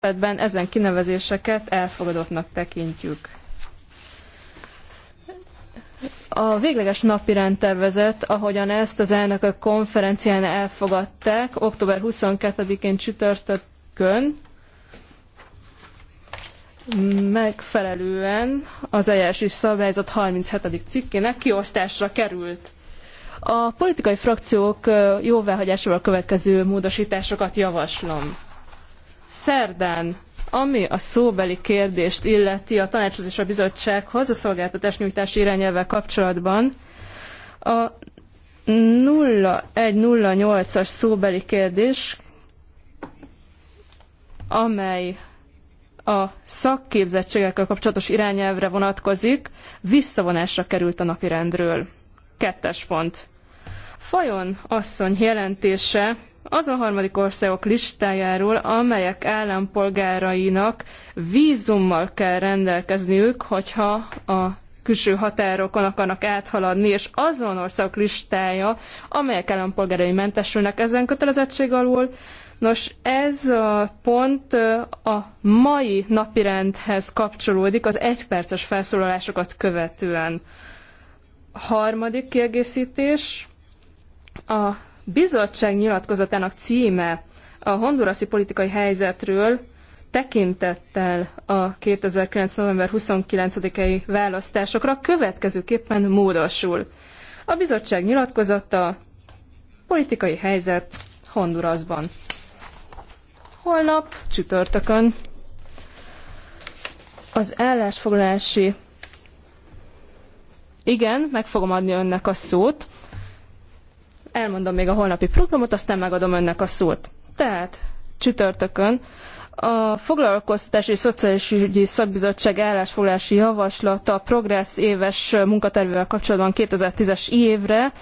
Ebben ezen kinevezéseket elfogadottnak tekintjük. A végleges napirend tervezet, ahogyan ezt az elnökök konferencián elfogadták, október 22-én csütörtökön, megfelelően az eljárási szabályzat 37. cikkének kiosztásra került. A politikai frakciók jóváhagyásával következő módosításokat javaslom. Szerdán, ami a szóbeli kérdést illeti a tanácshoz és a bizottsághoz a szolgáltatás nyújtási irányelvvel kapcsolatban, a 0108-as szóbeli kérdés, amely a szakképzettségekkel kapcsolatos irányelvre vonatkozik, visszavonásra került a napirendről. Kettes pont. Fajon asszony jelentése az a harmadik országok listájáról, amelyek állampolgárainak vízummal kell rendelkezniük, hogyha a külső határokon akarnak áthaladni, és azon országok listája, amelyek állampolgárai mentesülnek ezen kötelezettség alól. Nos, ez a pont a mai napirendhez kapcsolódik az egyperces felszólalásokat követően. Harmadik kiegészítés, a bizottság nyilatkozatának címe a hondurasi politikai helyzetről tekintettel a 2009. november 29-i választásokra következőképpen módosul. A bizottság nyilatkozata politikai helyzet Hondurasban. Holnap csütörtökön az állásfoglalási igen, meg fogom adni önnek a szót. Elmondom még a holnapi programot, aztán megadom önnek a szót. Tehát csütörtökön a Foglalkoztatási és Szociális Ügyi Szakbizottság állásfoglalási javaslata a Progress éves munkatervével kapcsolatban 2010-es évre,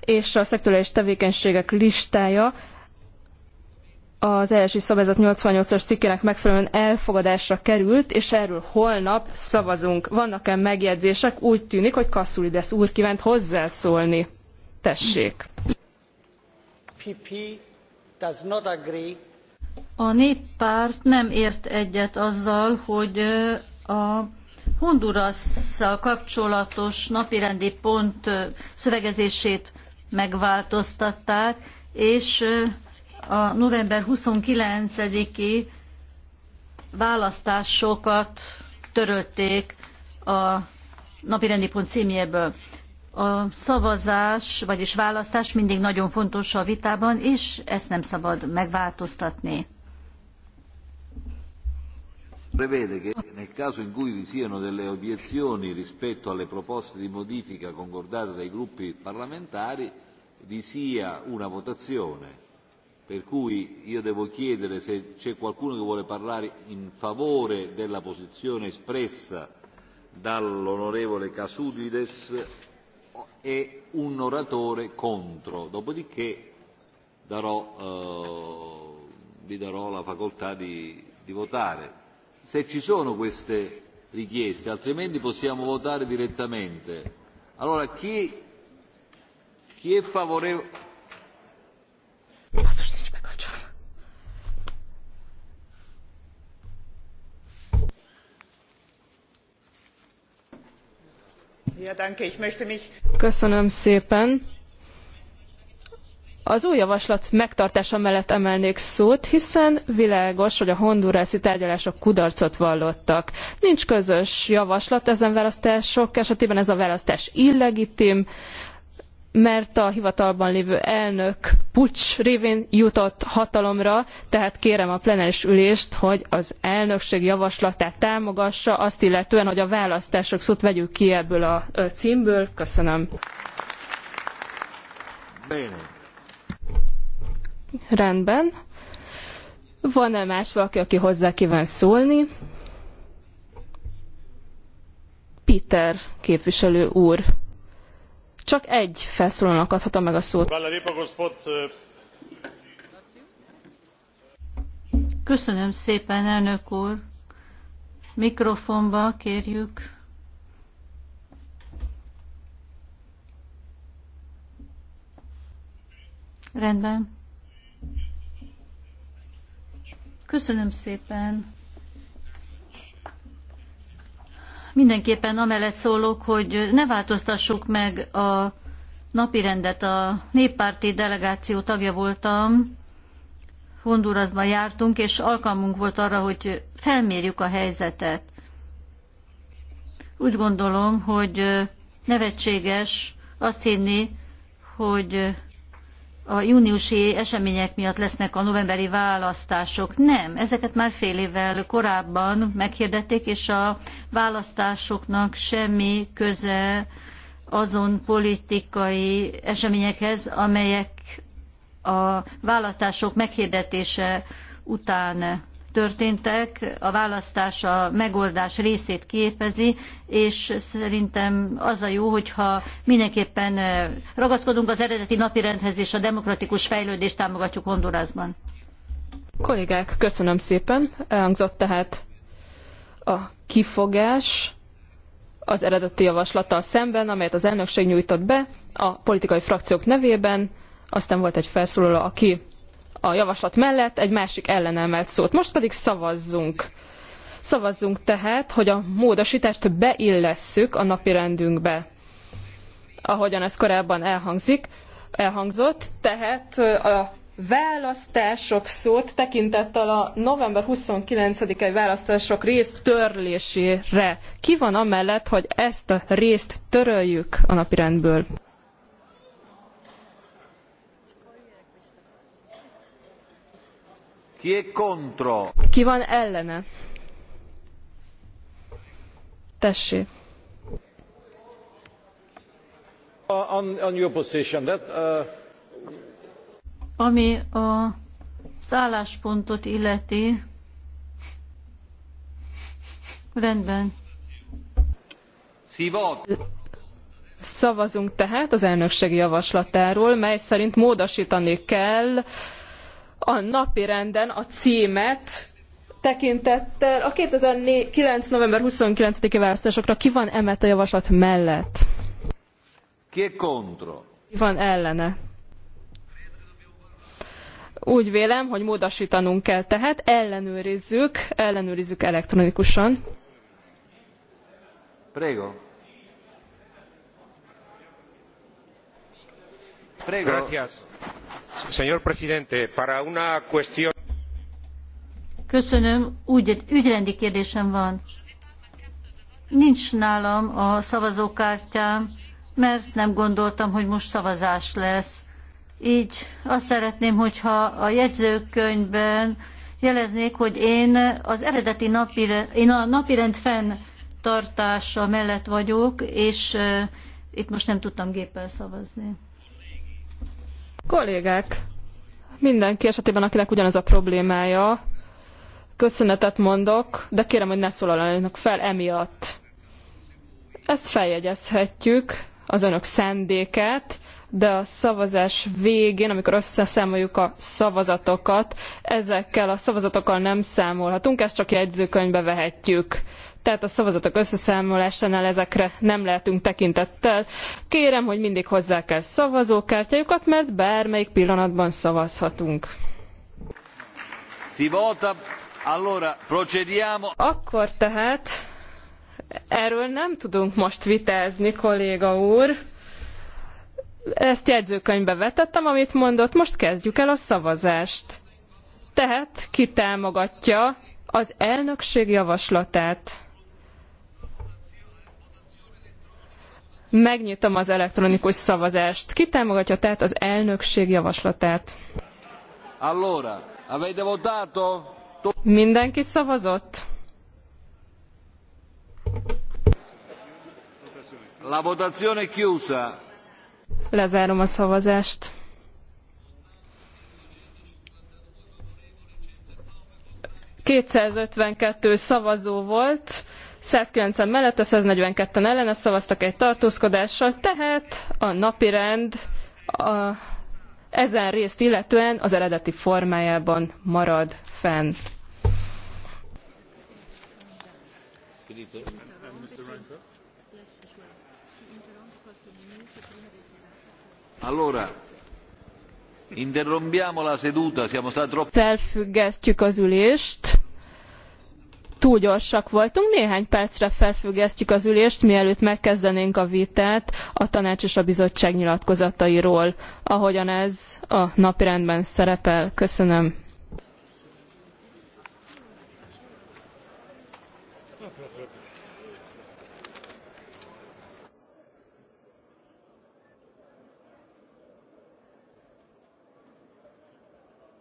és a szektorális tevékenységek listája az első szabályzat 88-as cikkének megfelelően elfogadásra került, és erről holnap szavazunk. Vannak-e megjegyzések? Úgy tűnik, hogy Kasszulides úr kívánt hozzászólni. Tessék! A néppárt nem ért egyet azzal, hogy a Hondurasszal kapcsolatos napirendi pont szövegezését megváltoztatták, és a november 29-i választásokat törölték a napirendi pont címjéből a szavazás, vagyis választás mindig nagyon fontos a vitában, és ezt nem szabad megváltoztatni. Prevede che nel caso in cui vi siano delle obiezioni rispetto alle proposte di modifica concordate dai gruppi parlamentari, vi sia una votazione. Per cui io devo chiedere se c'è qualcuno che vuole parlare in favore della posizione espressa dall'onorevole Casudides e un oratore contro, dopodiché darò, eh, vi darò la facoltà di, di votare. Se ci sono queste richieste, altrimenti possiamo votare direttamente. Allora, chi, chi è favorevole? Köszönöm szépen. Az új javaslat megtartása mellett emelnék szót, hiszen világos, hogy a hondurászi tárgyalások kudarcot vallottak. Nincs közös javaslat ezen választások esetében, ez a választás illegitim, mert a hivatalban lévő elnök pucs révén jutott hatalomra, tehát kérem a plenáris ülést, hogy az elnökség javaslatát támogassa, azt illetően, hogy a választások szót vegyük ki ebből a címből. Köszönöm. Bene. Rendben. Van-e más valaki, aki hozzá kíván szólni? Peter képviselő úr. Csak egy felszólalónak adhatom meg a szót. Eh, Köszönöm szépen, elnök úr. Mikrofonba kérjük. Rendben. Köszönöm szépen. mindenképpen amellett szólok, hogy ne változtassuk meg a napirendet. A néppárti delegáció tagja voltam, Hondurasban jártunk, és alkalmunk volt arra, hogy felmérjük a helyzetet. Úgy gondolom, hogy nevetséges azt hinni, hogy a júniusi események miatt lesznek a novemberi választások. Nem, ezeket már fél évvel korábban meghirdették, és a választásoknak semmi köze azon politikai eseményekhez, amelyek a választások meghirdetése után történtek, a választás a megoldás részét képezi, és szerintem az a jó, hogyha mindenképpen ragaszkodunk az eredeti napirendhez és a demokratikus fejlődést támogatjuk Hondurasban. Kollégák, köszönöm szépen. Elhangzott tehát a kifogás az eredeti javaslattal szemben, amelyet az elnökség nyújtott be a politikai frakciók nevében. Aztán volt egy felszólaló, aki a javaslat mellett, egy másik ellenemelt szót. Most pedig szavazzunk. Szavazzunk tehát, hogy a módosítást beillesszük a napirendünkbe, ahogyan ez korábban elhangzik, elhangzott, tehát a választások szót tekintettel a november 29-i választások részt törlésére. Ki van amellett, hogy ezt a részt töröljük a napirendből? Ki van ellene? Tessék. Uh, Ami a szálláspontot illeti, rendben. Szavazunk tehát az elnökségi javaslatáról, mely szerint módosítani kell a napirenden a címet tekintettel a 2009. november 29-i választásokra ki van emelt a javaslat mellett? Ki contro? Ki van ellene? Úgy vélem, hogy módosítanunk kell, tehát ellenőrizzük, ellenőrizzük elektronikusan. Prego. Prego. Gracias. Señor presidente, para una cuestión... Köszönöm, úgy, ügyrendi kérdésem van. Nincs nálam a szavazókártyám, mert nem gondoltam, hogy most szavazás lesz. Így azt szeretném, hogyha a jegyzőkönyvben jeleznék, hogy én az eredeti napire, én a napirend fenntartása mellett vagyok, és itt most nem tudtam géppel szavazni. Kollégák, mindenki esetében, akinek ugyanez a problémája, köszönetet mondok, de kérem, hogy ne szólaljanak fel emiatt. Ezt feljegyezhetjük, az önök szándékát, de a szavazás végén, amikor összeszámoljuk a szavazatokat, ezekkel a szavazatokkal nem számolhatunk, ezt csak jegyzőkönyvbe vehetjük tehát a szavazatok összeszámolásánál ezekre nem lehetünk tekintettel. Kérem, hogy mindig hozzá kell szavazókártyájukat, mert bármelyik pillanatban szavazhatunk. Si allora procediamo. Akkor tehát erről nem tudunk most vitázni, kolléga úr. Ezt jegyzőkönyvbe vetettem, amit mondott, most kezdjük el a szavazást. Tehát ki támogatja az elnökség javaslatát? Megnyitom az elektronikus szavazást. Ki támogatja tehát az elnökség javaslatát? Allora, avete votato? Mindenki szavazott? La votazione chiusa. Lezárom a szavazást. ...252 szavazó volt, 190 mellette, 142-en ellene szavaztak egy tartózkodással, tehát a napirend a, ezen részt illetően az eredeti formájában marad fenn. Allora, interrompiamo la seduta, siamo stati troppo... Felfüggesztjük az ülést. Túl gyorsak voltunk, néhány percre felfüggesztjük az ülést, mielőtt megkezdenénk a vitát a tanács és a bizottság nyilatkozatairól, ahogyan ez a napirendben szerepel. Köszönöm.